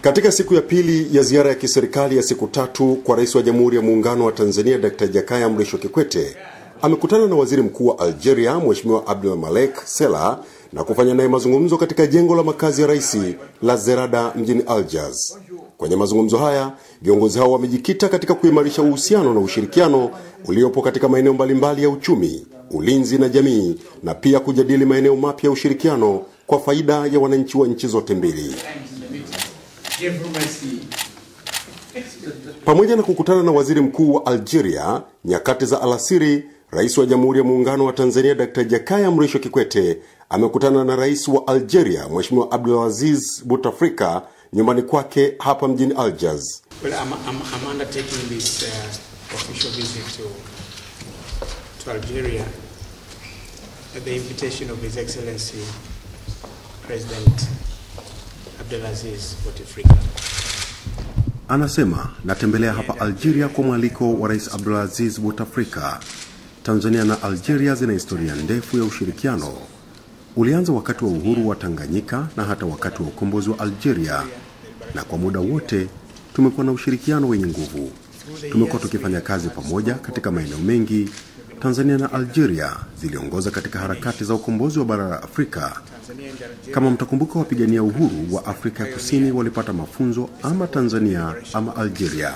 Katika siku ya pili ya ziara ya kiserikali ya siku tatu kwa rais wa Jamhuri ya Muungano wa Tanzania Dr. Jakaya Mrisho Kikwete amekutana na waziri mkuu wa Algeria Mheshimiwa malek Sela na kufanya naye mazungumzo katika jengo la makazi ya rais la Zerada mjini Algiers. Kwenye mazungumzo haya viongozi hao wamejikita katika kuimarisha uhusiano na ushirikiano uliopo katika maeneo mbalimbali ya uchumi, ulinzi na jamii, na pia kujadili maeneo mapya ya ushirikiano kwa faida ya wananchi wa nchi zote mbili. Pamoja na kukutana na waziri mkuu wa Algeria nyakati za alasiri, rais wa Jamhuri ya Muungano wa Tanzania Dr. Jakaya Mrisho Kikwete amekutana na rais wa Algeria Mheshimiwa Abdulaziz Bouteflika nyumbani kwake hapa mjini Algiers. Well, I'm, I'm, I'm undertaking this uh, official visit to, to Algeria at the invitation of His Excellency President Abdelaziz Bouteflika. Anasema natembelea hapa Algeria kwa mwaliko wa Rais Abdulaziz Bouteflika. Tanzania na Algeria zina historia ndefu ya ushirikiano ulianza wakati wa uhuru wa Tanganyika na hata wakati wa ukombozi wa Algeria, na kwa muda wote tumekuwa na ushirikiano wenye nguvu. Tumekuwa tukifanya kazi pamoja katika maeneo mengi. Tanzania na Algeria ziliongoza katika harakati za ukombozi wa bara la Afrika. Kama mtakumbuka, wapigania uhuru wa Afrika ya Kusini walipata mafunzo ama Tanzania ama Algeria.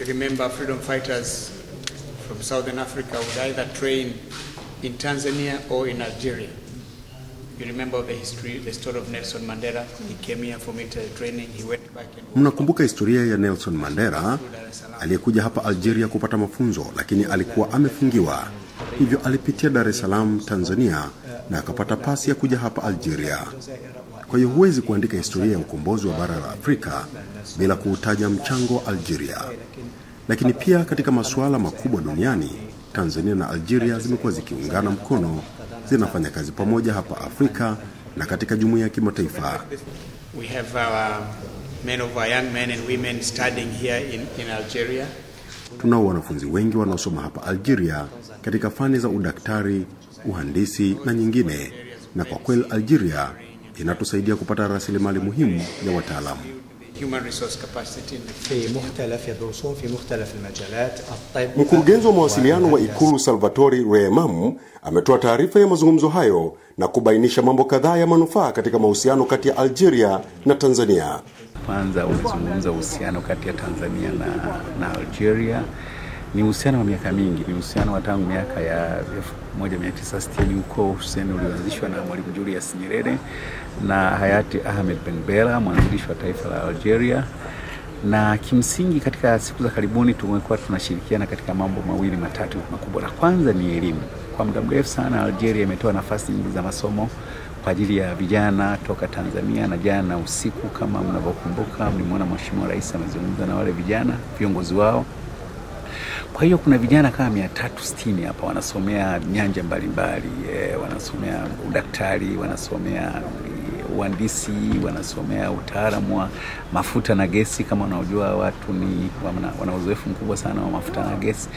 You remember freedom fighters from Southern Africa would either train in Tanzania or in Algeria. Mnakumbuka historia ya Nelson Mandela aliyekuja hapa Algeria kupata mafunzo, lakini alikuwa amefungiwa, hivyo alipitia Dar es Salaam Tanzania na akapata pasi ya kuja hapa Algeria. Kwa hiyo huwezi kuandika historia ya ukombozi wa bara la Afrika bila kuutaja mchango wa Algeria. Lakini pia katika masuala makubwa duniani Tanzania na Algeria zimekuwa zikiungana mkono, zinafanya kazi pamoja hapa Afrika na katika jumuiya ya kimataifa. Uh, Tunao wanafunzi wengi wanaosoma hapa Algeria katika fani za udaktari, uhandisi na nyingine, na kwa kweli Algeria inatusaidia kupata rasilimali muhimu ya wataalamu. في مختلف يدرسون في مختلف المجالات الطب. Mkurugenzi wa mawasiliano wa Ikulu Salvatori Reemamu ametoa taarifa ya mazungumzo hayo na kubainisha mambo kadhaa ya manufaa katika mahusiano kati ya Algeria na Tanzania. Kwanza umezungumza uhusiano kati ya Tanzania na, na Algeria ni uhusiano wa miaka mingi, ni uhusiano wa tangu miaka ya 1960 huko, hususani ulioanzishwa na Mwalimu Julius Nyerere na hayati Ahmed Ben Bella, mwanzilishi wa taifa la Algeria. Na kimsingi katika siku za karibuni tumekuwa tunashirikiana katika mambo mawili matatu makubwa. La kwanza ni elimu. Kwa muda mrefu sana Algeria imetoa nafasi nyingi za masomo kwa ajili ya vijana toka Tanzania, na jana usiku, kama mnavyokumbuka, mlimwona Mheshimiwa Rais amezungumza na wale vijana viongozi wao kwa hiyo kuna vijana kama mia tatu sitini hapa wanasomea nyanja mbalimbali e, wanasomea udaktari, wanasomea eh, uhandisi, wanasomea utaalamu wa mafuta na gesi. Kama unaojua watu ni wana, wana uzoefu mkubwa sana wa mafuta na gesi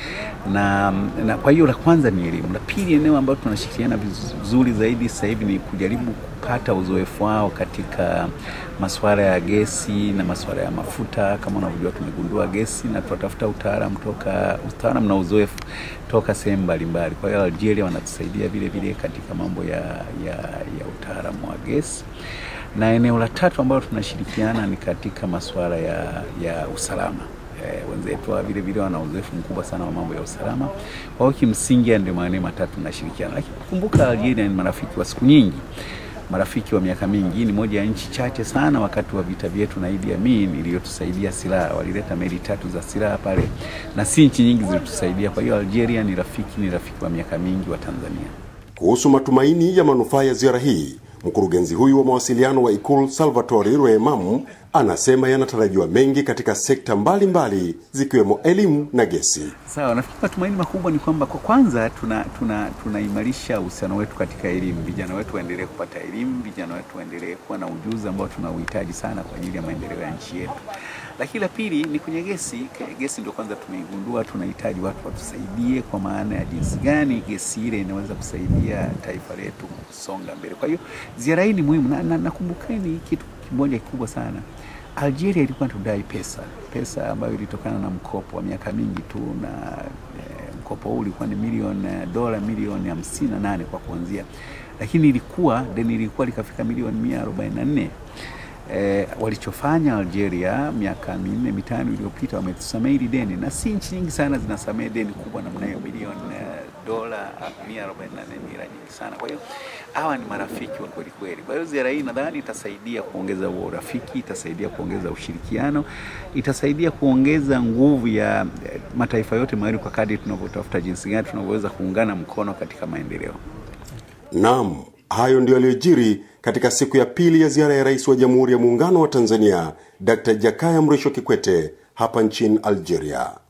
na, na kwa hiyo la kwanza ni elimu, la pili eneo ambalo tunashirikiana vizuri zaidi sasa hivi ni kujaribu kupata uzoefu wao katika masuala ya gesi na masuala ya mafuta. Kama unavyojua, tumegundua gesi na tunatafuta utaalamu toka utaalam na uzoefu toka sehemu mbalimbali. Kwa hiyo Algeria wanatusaidia vile vile katika mambo ya, ya, ya utaalamu wa gesi na eneo la tatu ambalo tunashirikiana ni katika masuala ya, ya usalama. E, wenzetu wa vile vile wana uzoefu mkubwa sana wa mambo ya usalama. Kwa hiyo kimsingi ndio maeneo matatu tunashirikiana, lakini kumbuka Algeria ni marafiki wa siku nyingi marafiki wa miaka mingi. Ni moja ya nchi chache sana wakati wa vita vyetu na Idi Amin iliyotusaidia silaha, walileta meli tatu za silaha pale, na si nchi nyingi zilitusaidia. Kwa hiyo Algeria ni rafiki, ni rafiki wa miaka mingi wa Tanzania. Kuhusu matumaini ya manufaa ya ziara hii Mkurugenzi huyu wa mawasiliano wa Ikulu Salvatore Rwemamu anasema yanatarajiwa mengi katika sekta mbalimbali mbali, zikiwemo elimu na gesi. Sawa, nafikiri matumaini makubwa ni kwamba kwa kwanza tunaimarisha tuna, tuna uhusiano wetu katika elimu, vijana wetu waendelee kupata elimu, vijana wetu waendelee kuwa na ujuzi ambao tunauhitaji sana kwa ajili ya maendeleo ya nchi yetu. Lakini la pili ni kwenye gesi. Gesi ndio kwanza tumeigundua tunahitaji watu watusaidie, kwa maana ya jinsi gani gesi ile inaweza kusaidia taifa letu kusonga mbele. Kwa hiyo ziara hii ni muhimu, na nakumbukeni na kitu kimoja kikubwa sana Algeria ilikuwa tudai pesa pesa ambayo ilitokana na mkopo wa miaka mingi tu, na e, mkopo huu ulikuwa ni milioni eh, dola milioni hamsini na nane kwa kuanzia, lakini ilikuwa deni ilikuwa likafika milioni mia arobaini na nne. E, walichofanya Algeria miaka minne mitano iliyopita wametusamea hili deni, na si nchi nyingi sana zinasamea deni kubwa namna hiyo, bilioni eh, dola 144 ah, ni nyingi sana. Kwa hiyo hawa ni marafiki wa kweli kweli. Kwa hiyo ziara hii nadhani itasaidia kuongeza huo urafiki, itasaidia kuongeza ushirikiano, itasaidia kuongeza nguvu ya eh, mataifa yote mawili kwa kadri tunavyotafuta jinsi gani tunavyoweza kuungana mkono katika maendeleo. Naam, hayo ndio yaliyojiri katika siku ya pili ya ziara ya rais wa Jamhuri ya Muungano wa Tanzania Dr. Jakaya Mrisho Kikwete hapa nchini Algeria.